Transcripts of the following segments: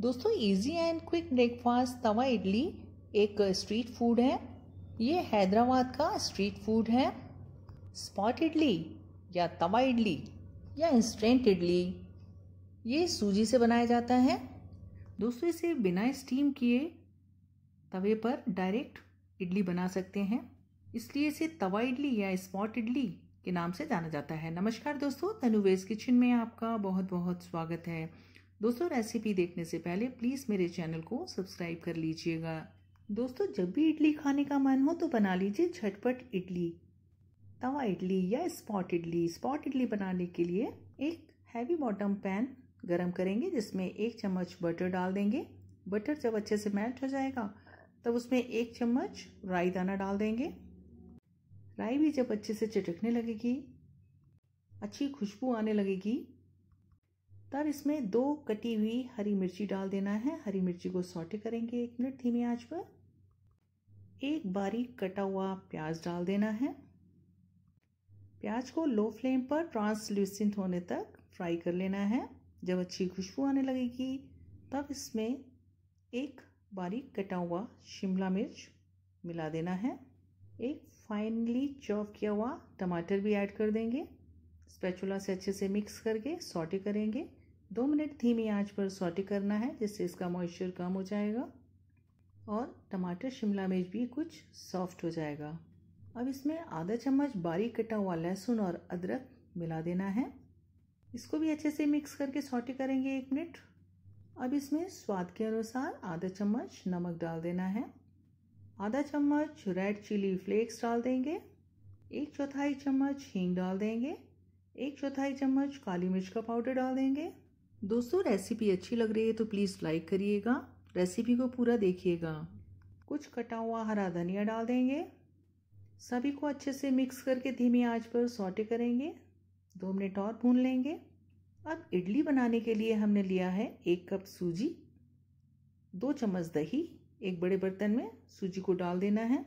दोस्तों easy and quick breakfast tawa idli एक street food है ये हैदराबाद का स्ट्रीट फूड है स्पॉट इडली या तवा इडली या इंस्टेंट इडली ये सूजी से बनाया जाता है दोस्तों इसे बिना स्टीम किए तवे पर डायरेक्ट इडली बना सकते हैं इसलिए इसे तवा इडली या स्पॉट इडली के नाम से जाना जाता है नमस्कार दोस्तों तनुवेज किचन में आपका बहुत बहुत स्वागत है दोस्तों रेसिपी देखने से पहले प्लीज़ मेरे चैनल को सब्सक्राइब कर लीजिएगा दोस्तों जब भी इडली खाने का मन हो तो बना लीजिए झटपट इडली तवा इडली या स्पॉट इडली स्पॉट इडली बनाने के लिए एक हैवी बॉटम पैन गरम करेंगे जिसमें एक चम्मच बटर डाल देंगे बटर जब अच्छे से मेल्ट हो जाएगा तब उसमें एक चम्मच राई दाना डाल देंगे राई भी जब अच्छे से चटकने लगेगी अच्छी खुशबू आने लगेगी तब इसमें दो कटी हुई हरी मिर्ची डाल देना है हरी मिर्ची को सॉटे करेंगे एक मिनट धीमी आंच पर एक बारीक कटा हुआ प्याज डाल देना है प्याज को लो फ्लेम पर ट्रांसल्यूसेंट होने तक फ्राई कर लेना है जब अच्छी खुशबू आने लगेगी तब इसमें एक बारीक कटा हुआ शिमला मिर्च मिला देना है एक फाइनली चॉप किया हुआ टमाटर भी ऐड कर देंगे स्पैचुला से अच्छे से मिक्स करके सॉटे करेंगे दो मिनट धीमी आंच पर सॉटे करना है जिससे इसका मॉइस्चर कम हो जाएगा और टमाटर शिमला मिर्च भी कुछ सॉफ्ट हो जाएगा अब इसमें आधा चम्मच बारीक कटा हुआ लहसुन और अदरक मिला देना है इसको भी अच्छे से मिक्स करके सॉटे करेंगे एक मिनट अब इसमें स्वाद के अनुसार आधा चम्मच नमक डाल देना है आधा चम्मच रेड चिली फ्लेक्स डाल देंगे एक चौथाई चम्मच हींग डाल देंगे एक चौथाई चम्मच काली मिर्च का पाउडर डाल देंगे दोस्तों रेसिपी अच्छी लग रही है तो प्लीज़ लाइक करिएगा रेसिपी को पूरा देखिएगा कुछ कटा हुआ हरा धनिया डाल देंगे सभी को अच्छे से मिक्स करके धीमी आंच पर सौटे करेंगे दो मिनट और भून लेंगे अब इडली बनाने के लिए हमने लिया है एक कप सूजी दो चम्मच दही एक बड़े बर्तन में सूजी को डाल देना है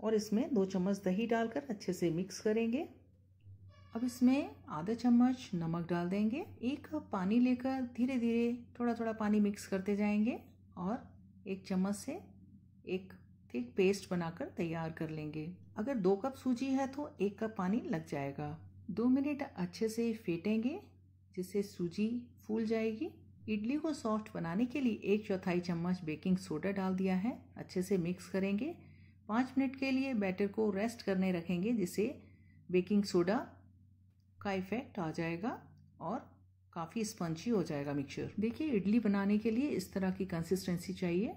और इसमें दो चम्मच दही डालकर अच्छे से मिक्स करेंगे अब इसमें आधा चम्मच नमक डाल देंगे एक कप पानी लेकर धीरे धीरे थोड़ा थोड़ा पानी मिक्स करते जाएंगे और एक चम्मच से एक थिक पेस्ट बनाकर तैयार कर लेंगे अगर दो कप सूजी है तो एक कप पानी लग जाएगा दो मिनट अच्छे से फेंटेंगे जिससे सूजी फूल जाएगी इडली को सॉफ्ट बनाने के लिए एक चौथाई चम्मच बेकिंग सोडा डाल दिया है अच्छे से मिक्स करेंगे पाँच मिनट के लिए बैटर को रेस्ट करने रखेंगे जिससे बेकिंग सोडा का इफ़ेक्ट आ जाएगा और काफ़ी स्पंजी हो जाएगा मिक्सचर देखिए इडली बनाने के लिए इस तरह की कंसिस्टेंसी चाहिए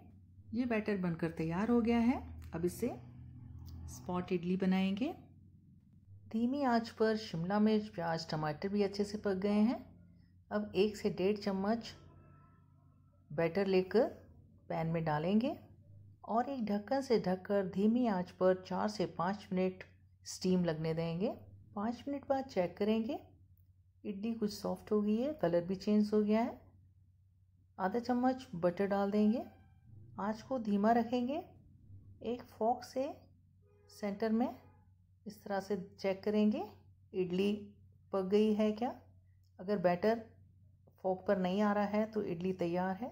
ये बैटर बनकर तैयार हो गया है अब इसे स्पॉट इडली बनाएंगे धीमी आंच पर शिमला मिर्च प्याज टमाटर भी अच्छे से पक गए हैं अब एक से डेढ़ चम्मच बैटर लेकर पैन में डालेंगे और एक ढक्कन से ढककर धीमी आंच पर चार से पाँच मिनट स्टीम लगने देंगे पाँच मिनट बाद चेक करेंगे इडली कुछ सॉफ्ट हो गई है कलर भी चेंज हो गया है आधा चम्मच बटर डाल देंगे आँच को धीमा रखेंगे एक फॉक से सेंटर में इस तरह से चेक करेंगे इडली पक गई है क्या अगर बैटर फॉक पर नहीं आ रहा है तो इडली तैयार है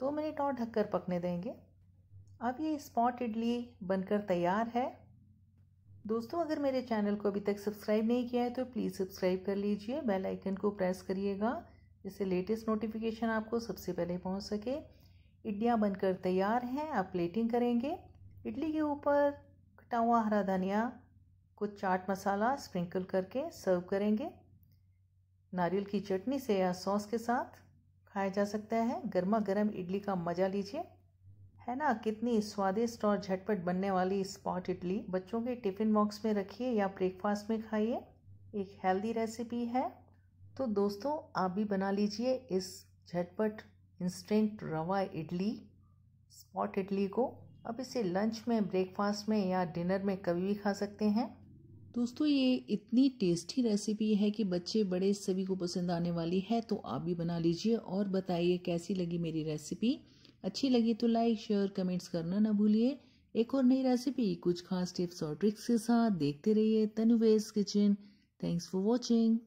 दो मिनट और ढककर पकने देंगे अब ये स्पॉट इडली बनकर तैयार है दोस्तों अगर मेरे चैनल को अभी तक सब्सक्राइब नहीं किया है तो प्लीज़ सब्सक्राइब कर लीजिए बेल आइकन को प्रेस करिएगा जिससे लेटेस्ट नोटिफिकेशन आपको सबसे पहले पहुंच सके इडलियाँ बनकर तैयार हैं आप प्लेटिंग करेंगे इडली के ऊपर कटा हुआ हरा धनिया कुछ चाट मसाला स्प्रिंकल करके सर्व करेंगे नारियल की चटनी से या सॉस के साथ खाया जा सकता है गर्मा गर्म इडली का मज़ा लीजिए है ना कितनी स्वादिष्ट और झटपट बनने वाली स्पॉट इडली बच्चों के टिफ़िन बॉक्स में रखिए या ब्रेकफास्ट में खाइए एक हेल्दी रेसिपी है तो दोस्तों आप भी बना लीजिए इस झटपट इंस्टेंट रवा इडली स्पॉट इडली को अब इसे लंच में ब्रेकफास्ट में या डिनर में कभी भी खा सकते हैं दोस्तों ये इतनी टेस्टी रेसिपी है कि बच्चे बड़े सभी को पसंद आने वाली है तो आप भी बना लीजिए और बताइए कैसी लगी मेरी रेसिपी अच्छी लगी तो लाइक शेयर कमेंट्स करना ना भूलिए एक और नई रेसिपी कुछ खास टिप्स और ट्रिक्स के साथ देखते रहिए तनुवेज किचन थैंक्स फॉर वॉचिंग